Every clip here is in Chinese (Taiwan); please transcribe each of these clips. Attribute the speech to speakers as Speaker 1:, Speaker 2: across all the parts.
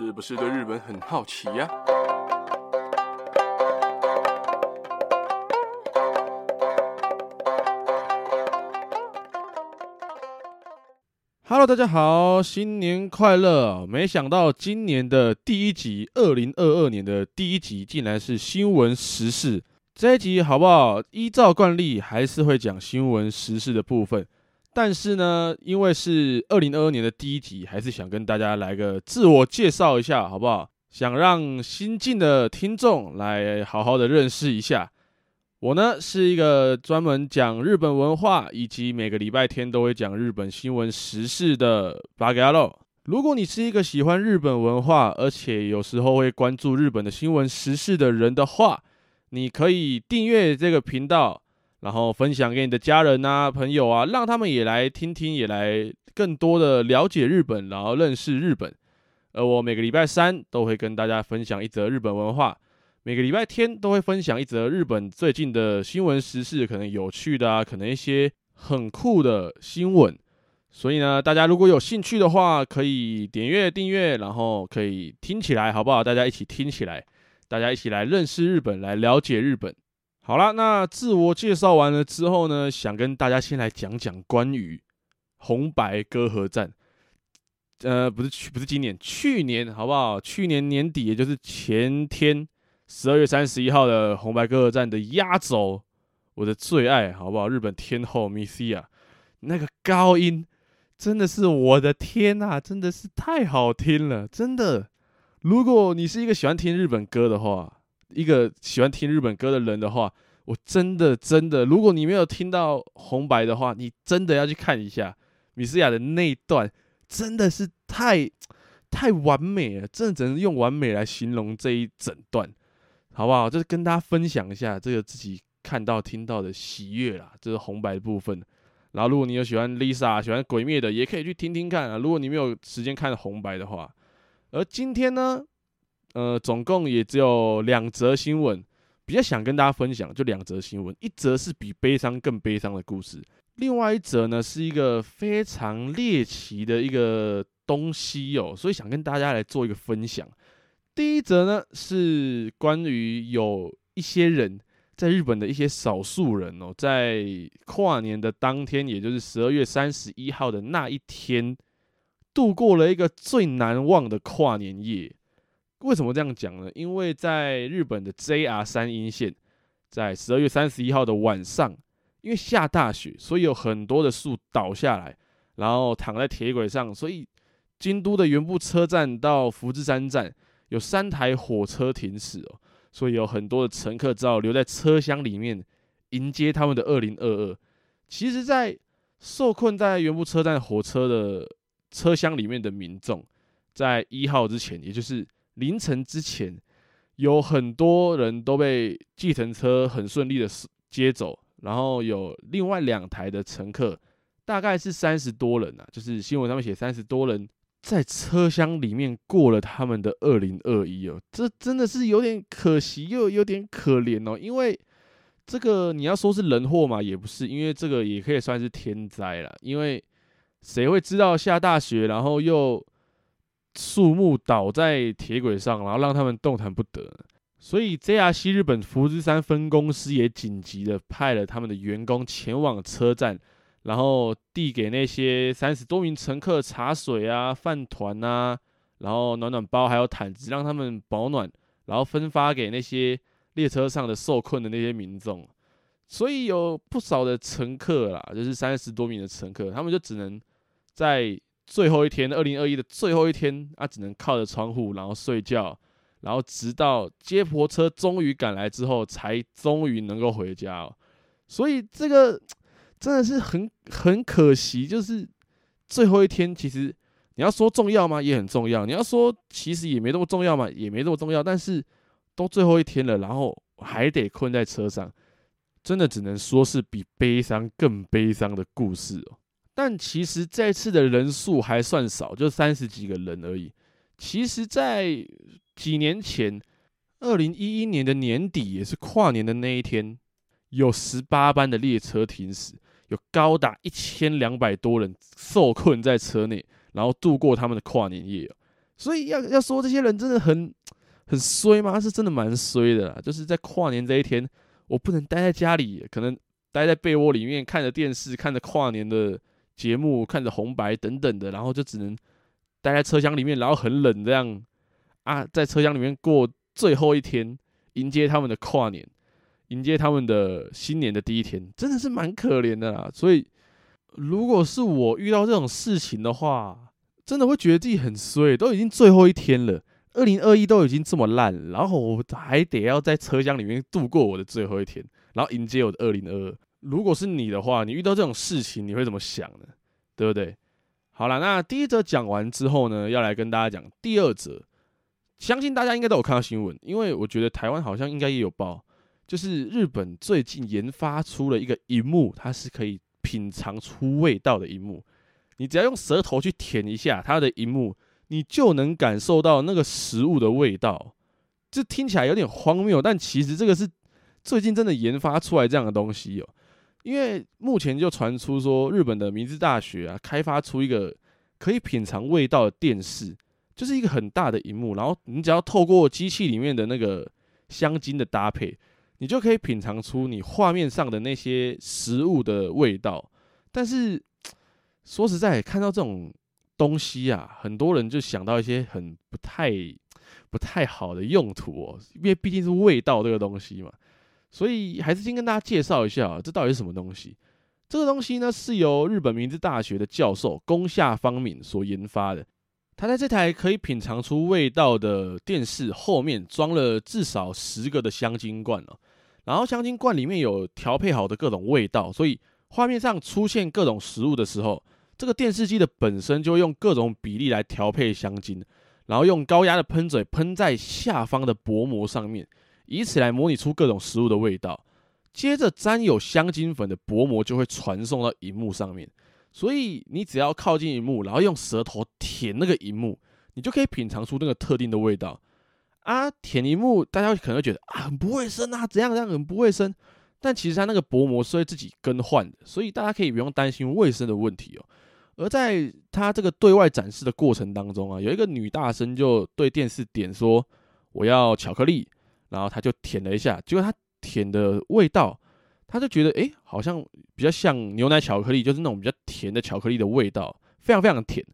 Speaker 1: 是不是對日本很好奇呀、啊？Hello，大家好，新年快樂！沒想到今年的第一集，二零二二年的第一集，竟然是新聞時事。這一集好不好？依照慣例，還是會講新聞時事的部分。但是呢，因為是二零二二年的第一集，還是想跟大家來個自我介紹一下，好不好？想讓新進的聽眾來好好的認識一下。我呢是一個專門講日本文化，以及每個禮拜天都會講日本新聞時事的八嘎呀路。如果你是一個喜歡日本文化，而且有時候會關注日本的新聞時事的人的話，你可以訂閱這個頻道。然後分享給你的家人吶、啊、朋友啊，讓他們也來聽聽，也來更多的了解日本，然後認識日本。而我每個禮拜三都會跟大家分享一則日本文化，每個禮拜天都會分享一則日本最近的新聞時事，可能有趣的啊，可能一些很酷的新聞。所以呢，大家如果有興趣的話，可以點閱訂閱，然後可以聽起來好不好？大家一起聽起來，大家一起來認識日本，來了解日本。好了，那自我介紹完了之後呢，想跟大家先來講講關於紅白歌合戰。呃，不是去，不是今年，去年好不好？去年年底，也就是前天，十二月三十一號的紅白歌合戰的壓軸，我的最愛，好不好？日本天後 Misia，那個高音真的是我的天吶、啊，真的是太好聽了，真的。如果你是一個喜歡聽日本歌的話。一個喜歡聽日本歌的人的話，我真的真的，如果你沒有聽到紅白的話，你真的要去看一下米斯亞的那一段，真的是太太完美了，真的只能用完美來形容這一整段，好不好？就是跟大家分享一下這個自己看到聽到的喜悅啦，就是紅白的部分。然後，如果你有喜歡 Lisa、喜歡鬼滅的，也可以去聽聽看啊。如果你沒有時間看紅白的話，而今天呢？呃，總共也只有兩則新聞，比較想跟大家分享，就兩則新聞。一則是比悲傷更悲傷的故事，另外一則呢是一個非常獵奇的一個東西哦，所以想跟大家來做一個分享。第一則呢是關於有一些人在日本的一些少數人哦，在跨年的當天，也就是十二月三十一號的那一天，度過了一個最難忘的跨年夜。為什麼這樣講呢？因為在日本的 JR 山陰線，在十二月三十一號的晚上，因為下大雪，所以有很多的樹倒下來，然後躺在鐵軌上，所以京都的原部車站到福知山站有三台火車停駛哦，所以有很多的乘客只好留在車廂裡面迎接他們的二零二二。其實，在受困在原部車站火車的車廂裡面的民眾，在一號之前，也就是。凌晨之前，有很多人都被計程車很順利的接走，然後有另外兩台的乘客，大概是三十多人啊，就是新聞上面寫三十多人在車廂裡面過了他們的二零二一哦，這真的是有點可惜又有點可憐哦、喔，因為這個你要說是人禍嘛，也不是，因為這個也可以算是天災了，因為誰會知道下大雪，然後又。樹木倒在鐵軌上，然後讓他們動彈不得。所以 JR 西日本福知山分公司，也緊急的派了他們的員工前往車站，然後遞給那些三十多名乘客茶水啊、飯糰啊，然後暖暖包還有毯子，讓他們保暖，然後分發給那些列車上的受困的那些民眾。所以有不少的乘客啦，就是三十多名的乘客，他們就只能在。最後一天，二零二一的最後一天他、啊、只能靠着窗戶，然後睡覺，然後直到接駁車終於趕來之後，才終於能夠回家哦。所以這個真的是很很可惜，就是最後一天，其實你要說重要嗎？也很重要。你要說其實也沒那麼重要嘛，也沒那麼重要。但是都最後一天了，然後還得困在車上，真的只能說是比悲傷更悲傷的故事哦。但其實這次的人數還算少，就三十幾個人而已。其實，在幾年前，二零一一年的年底，也是跨年的那一天，有十八班的列車停駛，有高達一千兩百多人受困在車內，然後度過他們的跨年夜。所以要要說這些人真的很很衰嗎？是真的蠻衰的啦，就是在跨年這一天，我不能待在家裡，可能待在被窩裡面看着電視，看着跨年的。節目看着紅白等等的，然後就只能待在車廂裡面，然後很冷這樣啊，在車廂裡面過最後一天，迎接他們的跨年，迎接他們的新年的第一天，真的是蠻可憐的啦。所以，如果是我遇到這種事情的話，真的會覺得自己很衰，都已經最後一天了，2021都已經這麼爛，然後我還得要在車廂裡面度過我的最後一天，然後迎接我的2022。如果是你的話，你遇到這種事情你會怎麼想呢？對不對？好啦，那第一則講完之後呢，要來跟大家講第二則。相信大家應該都有看到新聞，因為我覺得台灣好像應該也有報，就是日本最近研發出了一個螢幕，它是可以品嘗出味道的螢幕。你只要用舌頭去舔一下它的螢幕，你就能感受到那個食物的味道。這聽起來有點荒謬，但其實這個是最近真的研發出來這樣的東西哦、喔。因為目前就傳出說，日本的明治大學啊，開發出一個可以品嘗味道的電視，就是一個很大的螢幕，然後你只要透過機器裡面的那個香精的搭配，你就可以品嘗出你畫面上的那些食物的味道。但是說實在，看到這種東西啊，很多人就想到一些很不太、不太好的用途哦，因為畢竟是味道這個東西嘛。所以還是先跟大家介紹一下啊，這到底是什麼東西？這個東西呢，是由日本明治大學的教授宮下芳明所研發的。他在這台可以品嘗出味道的電視後面裝了至少十個的香精罐，哦，然後香精罐裡面有調配好的各種味道，所以畫面上出現各種食物的時候，這個電視機的本身就用各種比例來調配香精，然後用高壓的噴嘴噴在下方的薄膜上面。以此來模擬出各種食物的味道，接着沾有香精粉的薄膜就會傳送到熒幕上面，所以你只要靠近熒幕，然後用舌頭舔那個熒幕，你就可以品嘗出那個特定的味道。啊，舔螢幕，大家可能會覺得啊，很不衛生啊，怎樣怎樣很不衛生。但其實它那個薄膜是會自己更換的，所以大家可以不用擔心衛生的問題哦。而在它這個對外展示的過程當中啊，有一個女大生就對電視點說：“我要巧克力。”然後他就舔了一下，結果他舔的味道，他就覺得誒好像比較像牛奶巧克力，就是那種比較甜的巧克力的味道，非常非常甜。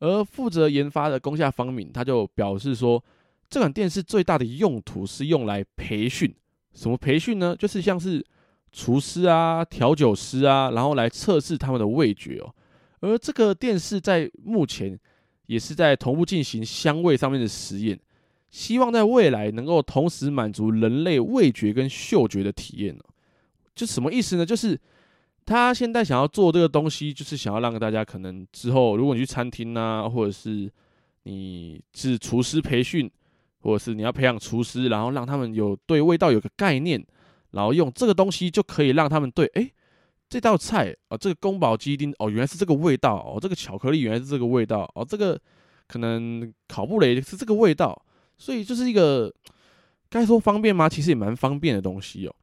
Speaker 1: 而負責研發的宮下芳明他就表示說，這款電視最大的用途是用來培訓，什麼培訓呢？就是像是廚師啊、調酒師啊，然後來測試他們的味覺哦。而這個電視在目前也是在同步進行香味上面的實驗。希望在未來能夠同時滿足人類味覺跟嗅覺的體驗呢？就什麼意思呢？就是他現在想要做這個東西，就是想要讓大家可能之後，如果你去餐廳吶、啊，或者是你是廚師培訓，或者是你要培養廚師，然後讓他們有對味道有個概念，然後用這個東西就可以讓他們對，哎，這道菜啊、哦，這個宮保雞丁哦，原來是這個味道哦，這個巧克力原來是這個味道哦，這個可能烤布蕾是這個味道。所以就是一個該說方便嗎？其實也蠻方便的東西哦、喔。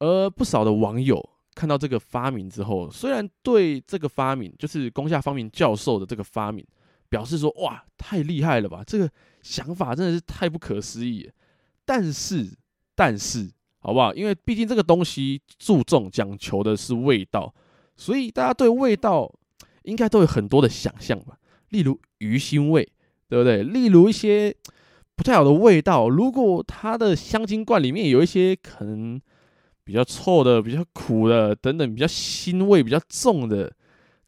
Speaker 1: 而不少的網友看到這個發明之後，雖然對這個發明，就是宮下芳明教授的這個發明，表示說：“哇，太厲害了吧！這個想法真的是太不可思議。”但是，但是，好不好？因為畢竟這個東西注重講求的是味道，所以大家對味道應該都有很多的想象吧。例如魚腥味，對不對？例如一些。不太好的味道，如果它的香精罐裡面有一些可能比較臭的、比較苦的等等，比較腥味比較重的，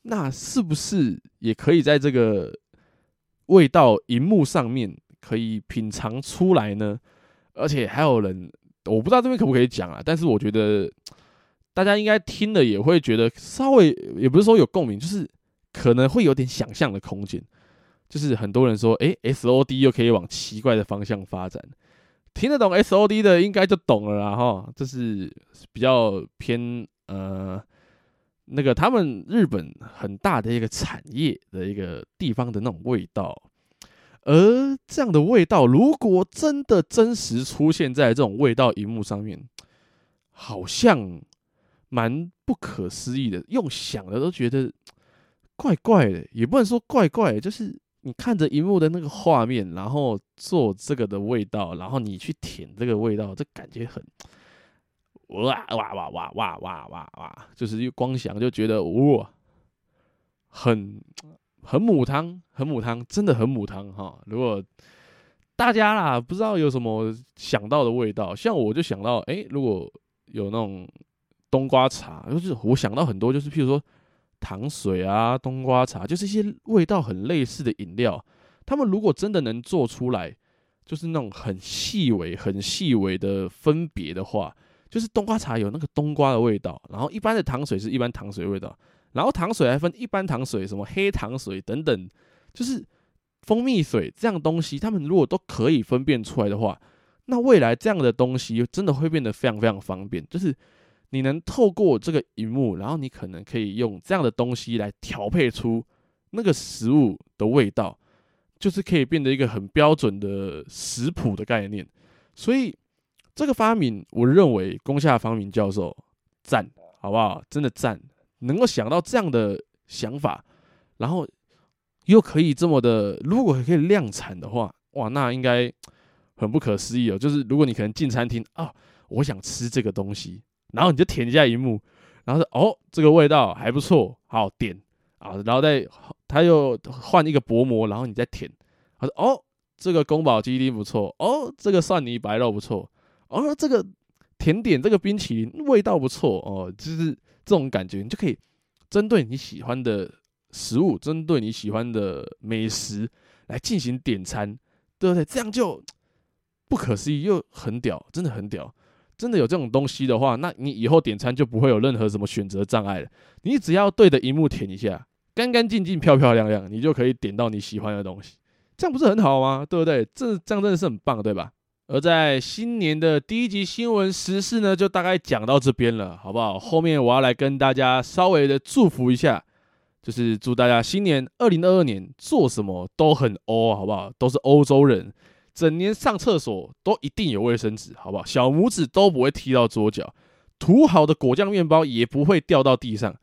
Speaker 1: 那是不是也可以在這個味道熒幕上面可以品嘗出來呢？而且還有人，我不知道這邊可不可以講啊，但是我覺得大家應該聽了也會覺得稍微，也不是說有共鳴，就是可能會有點想象的空間。就是很多人說，誒、欸、S O D 又可以往奇怪的方向發展，聽得懂 S O D 的應該就懂了啦，哈，就是比較偏呃那個他們日本很大的一個產業的一個地方的那種味道，而這樣的味道如果真的真實出現在這種味道熒幕上面，好像蠻不可思議的，用想的都覺得怪怪的，也不能說怪怪的，就是。你看着螢幕的那個畫面，然後做這個的味道，然後你去舔這個味道，這感覺很哇哇哇哇哇哇哇哇，就是光想就覺得哇，很很母湯，很母湯，真的很母湯哈！如果大家啦不知道有什麼想到的味道，像我就想到哎、欸，如果有那種冬瓜茶，就是我想到很多，就是譬如說。糖水啊，冬瓜茶，就是一些味道很類似的飲料。他們如果真的能做出來，就是那種很細微、很細微的分別的話，就是冬瓜茶有那個冬瓜的味道，然後一般的糖水是一般糖水味道，然後糖水還分一般糖水、什麼黑糖水等等，就是蜂蜜水這樣東西。他們如果都可以分辨出來的話，那未來這樣的東西又真的會變得非常非常方便，就是。你能透過這個螢幕，然後你可能可以用這樣的東西來調配出那個食物的味道，就是可以變得一個很標準的食譜的概念。所以這個發明，我認為宮下方明教授讚，好不好？真的讚，能夠想到這樣的想法，然後又可以這麼的，如果可以量產的話，哇，那應該很不可思議哦。就是如果你可能進餐廳啊，我想吃這個東西。然後你就舔一下螢幕，然後說：“哦，這個味道還不錯，好點啊。”然後再他又換一個薄膜，然後你再舔，他說：“哦，這個宮保雞丁不錯，哦，這個蒜泥白肉不錯，哦，這個甜點這個冰淇淋味道不錯哦。呃”就是這種感覺，你就可以針對你喜歡的食物，針對你喜歡的美食來進行點餐，對不對？這樣就不可思議又很屌，真的很屌。真的有這種東西的話，那你以後點餐就不會有任何什麼選擇障礙了。你只要對着熒幕舔一下，乾乾淨淨、漂漂亮亮，你就可以點到你喜歡的東西，這樣不是很好嗎？對不對？這這樣真的是很棒，對吧？而在新年的第一集新聞時事呢，就大概講到這邊了，好不好？後面我要來跟大家稍微的祝福一下，就是祝大家新年二零二二年做什麼都很歐，好不好？都是歐洲人。整年上廁所都一定有衛生紙，好不好？小拇指都不會踢到桌角，塗好的果醬麵包也不會掉到地上。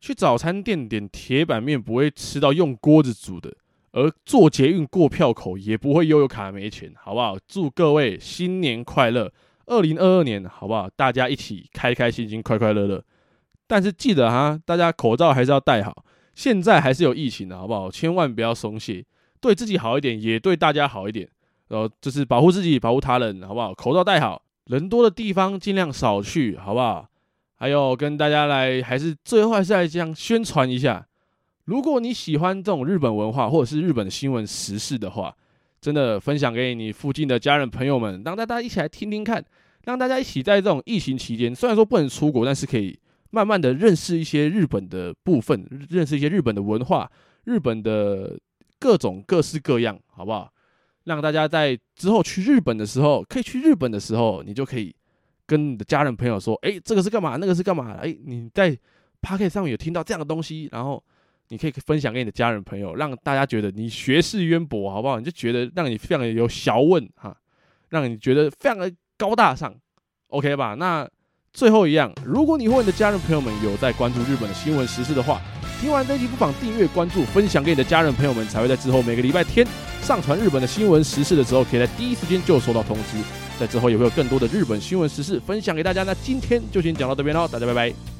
Speaker 1: 去早餐店點鐵板麵不會吃到用鍋子煮的，而坐捷運過票口也不會悠遊卡沒錢，好不好？祝各位新年快樂，二零二二年，好不好？大家一起開開心心、快快樂樂。但是記得哈、啊，大家口罩還是要戴好，現在還是有疫情的，好不好？千萬不要鬆懈，對自己好一點，也對大家好一點。然後、哦、就是保護自己，保護他人，好不好？口罩戴好，人多的地方盡量少去，好不好？還有跟大家來，還是最後還是來這樣宣傳一下。如果你喜歡這種日本文化，或者是日本的新聞時事的話，真的分享給你附近的家人朋友們，讓大家一起來聽聽看，讓大家一起在這種疫情期間，雖然說不能出國，但是可以慢慢的認識一些日本的部分，認識一些日本的文化，日本的各種各式各樣，好不好？讓大家在之後去日本的時候，可以去日本的時候，你就可以跟你的家人朋友說，哎，這個是幹嘛？那個是幹嘛？哎，你在 podcast 上面有聽到這樣的東西，然後你可以分享給你的家人朋友，讓大家覺得你學識淵博，好不好？你就覺得讓你非常有學問哈，讓你覺得非常的高大上，OK 吧？那最後一樣，如果你或你的家人朋友們有在關注日本的新聞時事的話，聽完這期不妨訂閱關注，分享給你的家人朋友們，才會在之後每個禮拜天。上傳日本的新聞時事的時候，可以在第一時間就收到通知，在之後也會有更多的日本新聞時事分享給大家。那今天就先講到這邊嘍，大家拜拜。